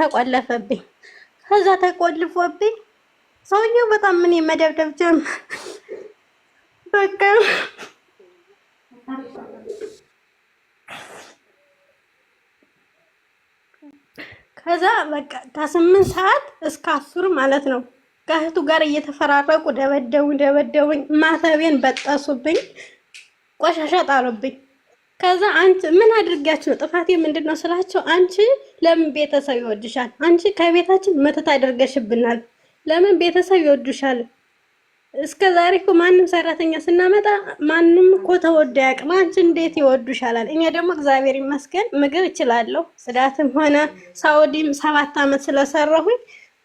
ተቆለፈብኝ። ከዛ ተቆልፎብኝ ሰውየው በጣም ምን መደብደብ ጀም በቃ ከዛ በቃ ከስምንት ሰዓት እስከ አስር ማለት ነው ከእህቱ ጋር እየተፈራረቁ ደበደቡ ደበደቡኝ። ማተቤን በጠሱብኝ፣ ቆሻሻ ጣሉብኝ። ከዛ አንቺ ምን አድርጋችሁ ነው ጥፋቴ ምንድን ነው ስላቸው፣ አንቺ ለምን ቤተሰብ ይወድሻል? አንቺ ከቤታችን መተት አድርገሽብናል። ለምን ቤተሰብ ይወዱሻል? እስከ ዛሬ እኮ ማንም ሰራተኛ ስናመጣ ማንም እኮ ተወዶ ያቅም፣ አንቺ እንዴት ይወዱሻላል? እኛ ደግሞ እግዚአብሔር ይመስገን ምግብ እችላለሁ፣ ጽዳትም ሆነ ሳውዲም ሰባት ዓመት ስለሰራሁኝ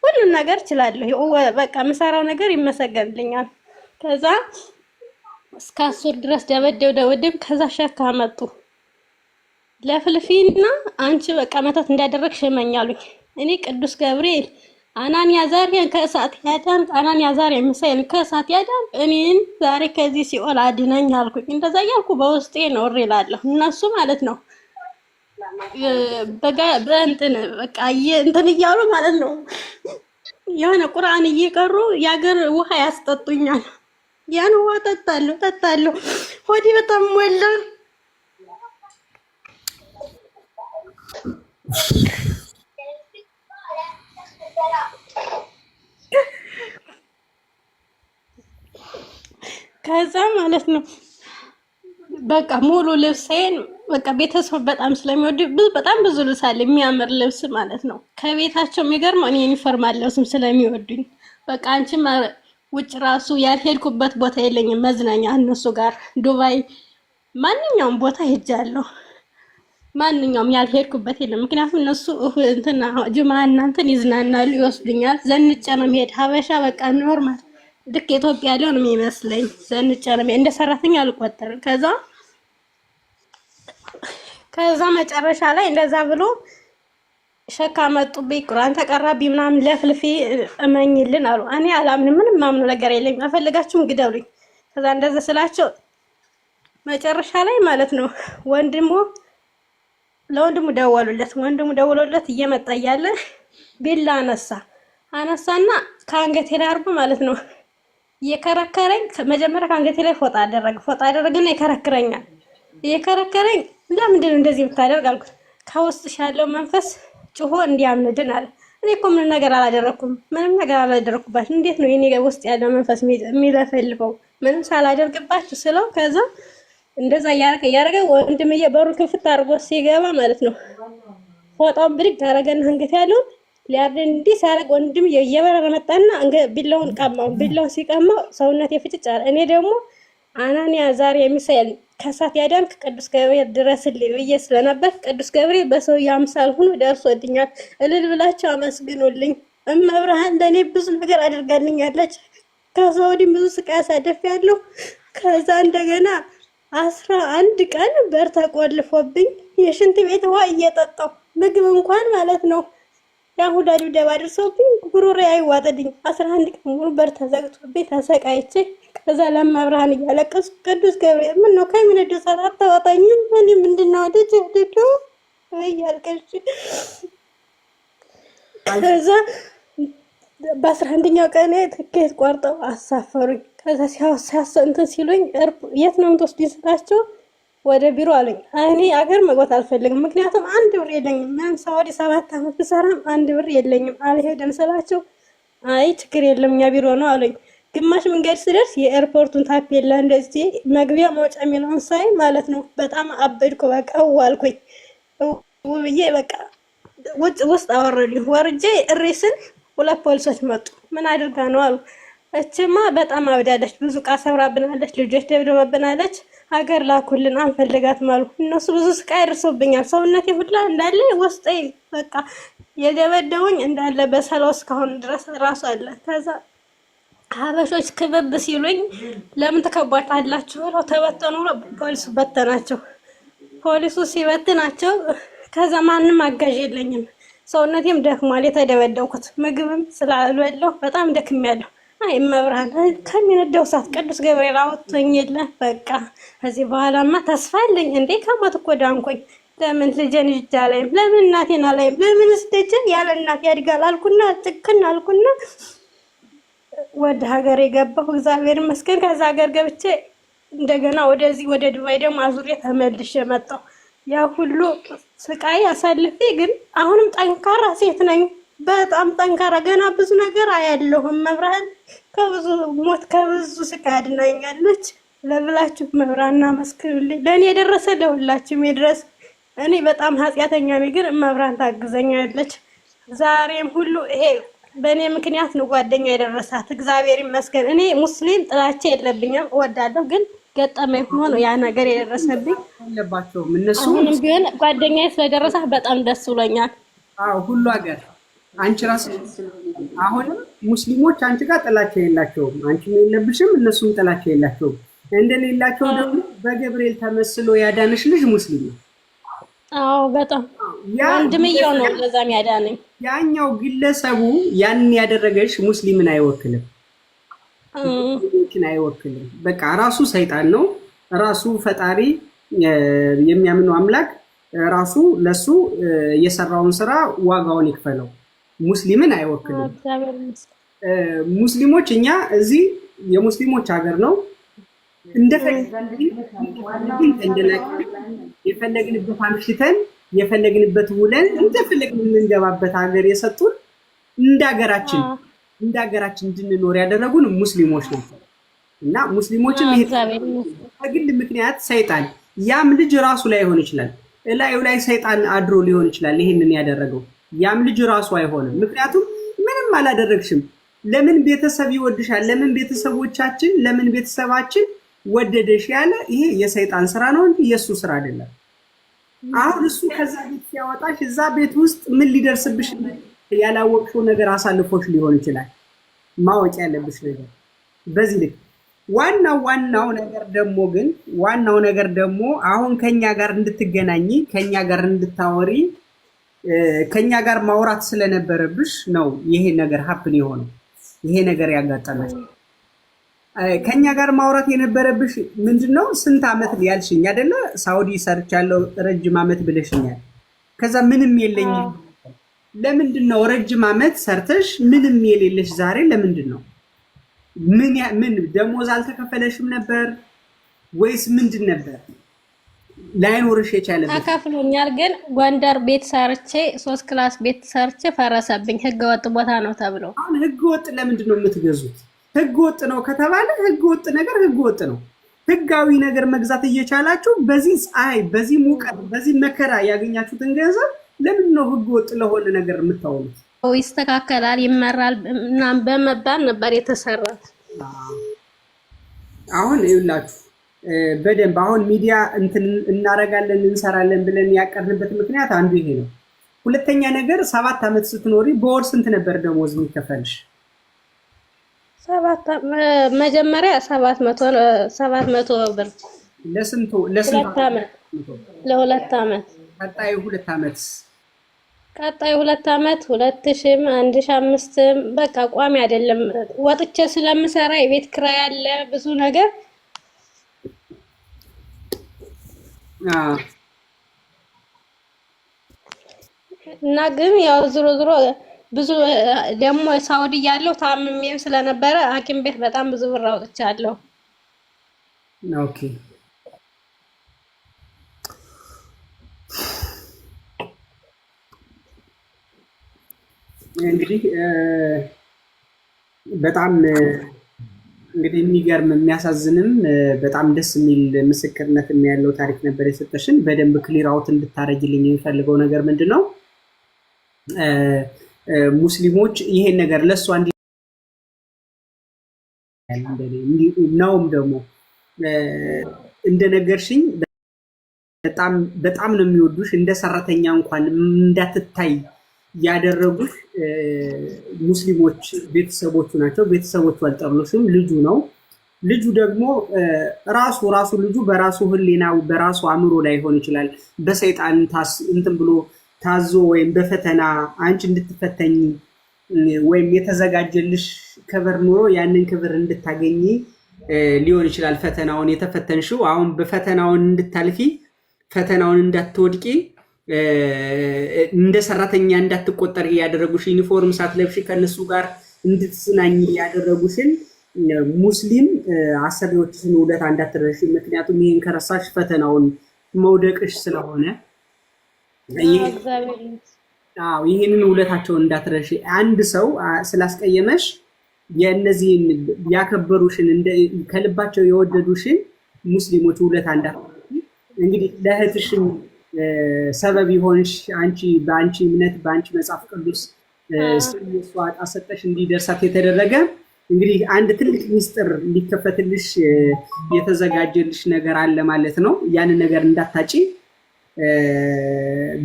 ሁሉን ነገር እችላለሁ። በቃ የምሰራው ነገር ይመሰገንልኛል። ከዛ እስከ አስር ድረስ ደበደው ደወደም ከዛ ሸካ መጡ ለፍልፊና አንቺ በቃ መተት እንዳደረግ ሽመኛሉኝ። እኔ ቅዱስ ገብርኤል አናንያ ዛሬን ከእሳት ያዳን፣ አናንያ ዛሬ ሚሳኤል ከእሳት ያዳን፣ እኔን ዛሬ ከዚህ ሲኦል አድነኝ አልኩኝ። እንደዛ እያልኩ በውስጤ ነው እላለሁ። እነሱ ማለት ነው በጋ በእንትን በቃ እንትን እያሉ ማለት ነው የሆነ ቁርአን እየቀሩ የአገር ውሃ ያስጠጡኛል። ያን ውሃ ጠጣለሁ ጠጣለሁ። ሆዴ በጣም ሞላ። ከዛ ማለት ነው በቃ ሙሉ ልብሴን በቃ ቤተሰብ በጣም ስለሚወድ በጣም ብዙ ልብስ አለ፣ የሚያምር ልብስ ማለት ነው። ከቤታቸው የሚገርመው እኔ ዩኒፎርም አለብስም ስለሚወዱኝ በቃ አንቺ ውጭ ራሱ ያልሄድኩበት ቦታ የለኝም። መዝናኛ እነሱ ጋር ዱባይ፣ ማንኛውም ቦታ ሄጃለሁ። ማንኛውም ያልሄድኩበት የለም። ምክንያቱም እነሱ እንትና ጅማ እናንተን ይዝናናሉ፣ ይወስዱኛል። ዘንጨ ነው መሄድ። ሀበሻ በቃ ኖርማል ልክ ኢትዮጵያ ያለው ነው የሚመስለኝ። ዘንጨ ነው እንደ ሰራተኛ አልቆጠርም። ከዛ ከዛ መጨረሻ ላይ እንደዛ ብሎ ሸካ መጡብኝ፣ ቁርአን ተቀራብኝ ምናምን ለፍልፊ እመኝልን አሉ። እኔ አላምን፣ ምንም ማምኑ ነገር የለኝ፣ አፈልጋችሁም ግደሉኝ። ከዛ እንደዚ ስላቸው መጨረሻ ላይ ማለት ነው ወንድሙ ለወንድሙ ደወሉለት። ወንድሙ ደወሉለት እየመጣ እያለ ቢላ አነሳ አነሳና ከአንገቴ ላይ አርጎ ማለት ነው እየከረከረኝ። መጀመሪያ ከአንገቴ ላይ ፎጣ አደረገ። ፎጣ አደረገና ይከረክረኛል። እየከረከረኝ ለምንድን ነው እንደዚህ የምታደርግ አልኩት። ከውስጥ ያለው መንፈስ ጮሆ እንዲያምንድን አለ። እኔ እኮ ምንም ነገር አላደረኩም፣ ምንም ነገር አላደረኩባት። እንዴት ነው የኔ ውስጥ ያለው መንፈስ የሚለፈልፈው? ምንም ሳላደርግባችሁ ስለው ከዛ እንደዛ እያረገ እያረገ ወንድምዬ በሩ ክፍት አድርጎ ሲገባ ማለት ነው ፎጣውን ብድግ አረገና አንገት ያለውን ሊያርድ እንዲህ ሲያደርግ ወንድም እየበረረ መጣና ቢላውን ቀማው። ቢላውን ሲቀማው ሰውነት የፍጭጭ አለ። እኔ ደግሞ አናንያ ዛሬ የሚሳይል ከእሳት ያዳንክ ቅዱስ ገብርኤል ድረስልኝ ብዬ ስለነበር ቅዱስ ገብርኤል በሰውዬው አምሳል ሆኖ ደርሶልኛል። እልል ብላቸው አመስግኑልኝ። እመብርሃን ለእኔ ብዙ ነገር አድርጋልኛለች። ከዛ ወዲህ ብዙ ስቃይ አሳደፊያለሁ። ከዛ እንደገና አስራ አንድ ቀን በር ተቆልፎብኝ የሽንት ቤት ውሃ እየጠጣሁ ምግብ እንኳን ማለት ነው ያ ሁላ ድብደባ ደርሶብኝ ጉሮሮዬ አስራ አንድ ቀን ሙሉ በር ተዘግቶብኝ ተሰቃይቼ እዛ ለመብርሃን እያለቀስኩ ቅዱስ ገብርኤል ምን ነው ከሚነዱ ሰዓት አታወጣኝም? እኔ ምንድን ነው ደጅ ልጁ እያልቀሽ ከዛ በአስራ አንደኛው ቀን ትኬት ቆርጠው አሳፈሩኝ። ከዛ ሲያሰ ሲያሰንትን ሲሉኝ የት ነው የምትወስዱኝ ስላቸው ወደ ቢሮ አሉኝ። እኔ አገር መግባት አልፈልግም፣ ምክንያቱም አንድ ብር የለኝም። ምንም ሳወዲ ሰባት አመት ብሰራም አንድ ብር የለኝም። አልሄድም ስላቸው አይ ችግር የለም እኛ ቢሮ ነው አሉኝ። ግማሽ መንገድ ስደርስ የኤርፖርቱን ታፔላ እንደዚህ መግቢያ መውጫ የሚለውን ሳይ ማለት ነው በጣም አበድኩ። በቃ ዋልኩኝ ውብዬ በቃ ውጭ ውስጥ አወረዱ። ወርጄ እሬስን ሁለት ፖሊሶች መጡ። ምን አድርጋ ነው አሉ። እችማ በጣም አብዳለች፣ ብዙ ዕቃ ሰብራብናለች፣ ልጆች ደብድባብናለች፣ ሀገር ላኩልን አንፈልጋትም አሉ። እነሱ ብዙ ስቃይ ደርሶብኛል። ሰውነቴ ሁላ እንዳለ ውስጤ በቃ የደበደቡኝ እንዳለ በሰላው እስካሁን ድረስ ራሱ አለ ከዛ ሀበሾች ክብብ ሲሉኝ ለምን ተከባታላችሁ ብለው ተበተኑ። ፖሊሱ በተናቸው። ፖሊሱ ሲበትናቸው ከዛ ማንም አጋዥ የለኝም፣ ሰውነቴም ደክሟል። የተደበደብኩት ምግብም ስላልበለው በጣም ያለው አይ መብርሃን ከሚነደው ሰዓት ቅዱስ ገብርኤል አወጥቶኝ የለ በቃ ከዚህ በኋላማ ተስፋ አለኝ እንዴ ከሞት እኮ ዳንኩኝ። ለምን ልጄን ይጃ ላይም ለምን እናቴን አላይም ለምን ስደጀን ያለ እናት ያድጋል አልኩና ጭክን አልኩና ወደ ሀገር የገባሁ እግዚአብሔር ይመስገን። ከዛ ሀገር ገብቼ እንደገና ወደዚህ ወደ ዱባይ ደግሞ አዙሬ ተመልሼ መጣሁ። ያ ሁሉ ስቃይ አሳልፌ ግን አሁንም ጠንካራ ሴት ነኝ። በጣም ጠንካራ ገና ብዙ ነገር አያለሁም። መብርሃን ከብዙ ሞት ከብዙ ስቃይ አድናኛለች። ለብላችሁ መብርሃን እናመስግኑልኝ። ለእኔ የደረሰ ለሁላችሁም የድረስ። እኔ በጣም ኃጢአተኛ ነኝ፣ ግን መብራን ታግዘኛለች። ዛሬም ሁሉ ይሄ በእኔ ምክንያት ነው ጓደኛ የደረሳት። እግዚአብሔር ይመስገን። እኔ ሙስሊም ጥላቻ የለብኝም፣ እወዳለሁ። ግን ገጠመ ሆኖ ያ ነገር የደረሰብኝ። የለባቸውም እነሱ። አሁንም ግን ጓደኛ ስለደረሳት በጣም ደስ ብሎኛል። አዎ ሁሉ ሀገር አንቺ ራስ አሁንም ሙስሊሞች አንቺ ጋር ጥላቻ የላቸውም፣ አንቺም የለብሽም፣ እነሱም ጥላቻ የላቸውም። እንደሌላቸው ደግሞ በገብርኤል ተመስሎ ያዳነሽ ልጅ ሙስሊም ነው። አዎ በጣም ወንድምየው ነው ለዛም ያዳነኝ። ያኛው ግለሰቡ ያን ያደረገች ሙስሊምን አይወክልም፣ አይወክልም። በቃ ራሱ ሰይጣን ነው ራሱ ፈጣሪ የሚያምኑ አምላክ ራሱ ለሱ የሰራውን ስራ ዋጋውን ይክፈለው። ሙስሊምን አይወክልም። ሙስሊሞች እኛ እዚህ የሙስሊሞች ሀገር ነው እንደፈለግን እንደናቅ የፈለግንበት አምሽተን የፈለግንበት ውለን እንደፈለግን የምንገባበት ሀገር የሰጡን እንደ ሀገራችን እንደ ሀገራችን እንድንኖር ያደረጉን ሙስሊሞች ነው እና ሙስሊሞችን በግል ምክንያት ሰይጣን ያም ልጅ ራሱ ላይ ሊሆን ይችላል፣ እላዩ ላይ ሰይጣን አድሮ ሊሆን ይችላል ይሄንን ያደረገው ያም ልጅ ራሱ አይሆንም። ምክንያቱም ምንም አላደረግሽም። ለምን ቤተሰብ ይወድሻል? ለምን ቤተሰቦቻችን፣ ለምን ቤተሰባችን ወደደሽ ያለ ይሄ የሰይጣን ስራ ነው እንጂ የእሱ ስራ አይደለም። አሁን እሱ ከዛ ቤት ሲያወጣሽ እዛ ቤት ውስጥ ምን ሊደርስብሽ ያላወቅሽው ነገር አሳልፎች ሊሆን ይችላል። ማወቅ ያለብሽ ነገር በዚህ ልክ። ዋናው ዋናው ነገር ደግሞ ግን ዋናው ነገር ደግሞ አሁን ከኛ ጋር እንድትገናኝ ከኛ ጋር እንድታወሪ ከኛ ጋር ማውራት ስለነበረብሽ ነው ይሄ ነገር ሀፕን የሆነው ይሄ ነገር ያጋጠመች ከኛ ጋር ማውራት የነበረብሽ ምንድን ነው? ስንት ዓመት ያልሽኝ አደለ? ሳውዲ ሰርቻለሁ ረጅም ዓመት ብለሽኛል። ከዛ ምንም የለኝ። ለምንድን ነው ረጅም ዓመት ሰርተሽ ምንም የሌለሽ ዛሬ ለምንድን ነው? ምን ምን ደሞዝ አልተከፈለሽም ነበር ወይስ ምንድን ነበር? ላይኖርሽ የቻለበት ተከፍሎኛል፣ ግን ጎንደር ቤት ሰርቼ ሶስት ክላስ ቤት ሰርቼ ፈረሰብኝ። ህገወጥ ቦታ ነው ተብሎ አሁን ህገወጥ ለምንድን ነው የምትገዙት? ህግ ወጥ ነው ከተባለ ህግ ወጥ ነገር ህግ ወጥ ነው። ህጋዊ ነገር መግዛት እየቻላችሁ በዚህ ፀሐይ፣ በዚህ ሙቀት፣ በዚህ መከራ ያገኛችሁትን ገንዘብ ለምን ነው ህግ ወጥ ለሆነ ነገር የምታውሉት? ይስተካከላል፣ ይመራል ምናምን በመባል ነበር የተሰራት። አሁን ይውላችሁ በደንብ አሁን ሚዲያ እንትን እናረጋለን እንሰራለን ብለን ያቀርንበት ምክንያት አንዱ ይሄ ነው። ሁለተኛ ነገር ሰባት ዓመት ስትኖሪ በወር ስንት ነበር ደሞዝ የሚከፈልሽ? መጀመሪያ ሰባት መቶ ብር ለስንቱ ለሁለት ሁለት ዓመት ቀጣዩ ሁለት ዓመት ሁለት ሺህም አንድ ሺህ አምስትም በቃ ቋሚ አይደለም። ወጥቼ ስለምሰራ የቤት ክራ አለ ብዙ ነገር እና ግን ያው ዝሮ ዝሮ ብዙ ደግሞ ሳውዲ ያለው ታምሜም ስለነበረ ሐኪም ቤት በጣም ብዙ ብር አውጥቻለሁ። ኦኬ እንግዲህ በጣም እንግዲህ የሚገርም የሚያሳዝንም በጣም ደስ የሚል ምስክርነት ያለው ታሪክ ነበር የሰጠሽን። በደንብ ክሊር አውት እንድታረጊልኝ የሚፈልገው ነገር ምንድን ነው? ሙስሊሞች ይሄን ነገር ለእሷ እንዲ ናውም ደግሞ እንደነገርሽኝ በጣም ነው የሚወዱሽ። እንደ ሰራተኛ እንኳን እንዳትታይ ያደረጉሽ ሙስሊሞች ቤተሰቦቹ ናቸው። ቤተሰቦቹ አልጠሉሽም፣ ልጁ ነው። ልጁ ደግሞ ራሱ ራሱ ልጁ በራሱ ሕሊናው በራሱ አእምሮ ላይ ሆን ይችላል በሰይጣን እንትን ብሎ ታዞ ወይም በፈተና አንቺ እንድትፈተኝ ወይም የተዘጋጀልሽ ክብር ኑሮ ያንን ክብር እንድታገኝ ሊሆን ይችላል። ፈተናውን የተፈተንሽው አሁን በፈተናውን እንድታልፊ ፈተናውን እንዳትወድቂ እንደ ሰራተኛ እንዳትቆጠር ያደረጉሽ ዩኒፎርም ሳትለብሽ ከእነሱ ጋር እንድትስናኝ ያደረጉሽን ሙስሊም አሰሪዎችሽን ውለታ እንዳትረሺ። ምክንያቱም ይህን ከረሳሽ ፈተናውን መውደቅሽ ስለሆነ ይህንን ውለታቸውን እንዳትረሽ። አንድ ሰው ስላስቀየመሽ የእነዚህን ያከበሩሽን ከልባቸው የወደዱሽን ሙስሊሞች ውለታ እንዳ እንግዲህ ለእህትሽም ሰበብ ይሆንሽ አንቺ በአንቺ እምነት በአንቺ መጽሐፍ ቅዱስ ስዋጣ ሰጠሽ እንዲደርሳት የተደረገ እንግዲህ አንድ ትልቅ ሚስጥር እንዲከፈትልሽ የተዘጋጀልሽ ነገር አለ ማለት ነው። ያንን ነገር እንዳታጪ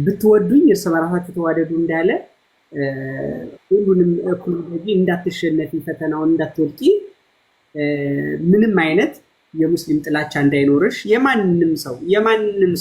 ብትወዱኝ እርስ በራሳችሁ ተዋደዱ እንዳለ ሁሉንም እኩል ገቢ እንዳትሸነፊ፣ ፈተናውን እንዳትወድቂ፣ ምንም አይነት የሙስሊም ጥላቻ እንዳይኖርሽ የማንም ሰው የማንም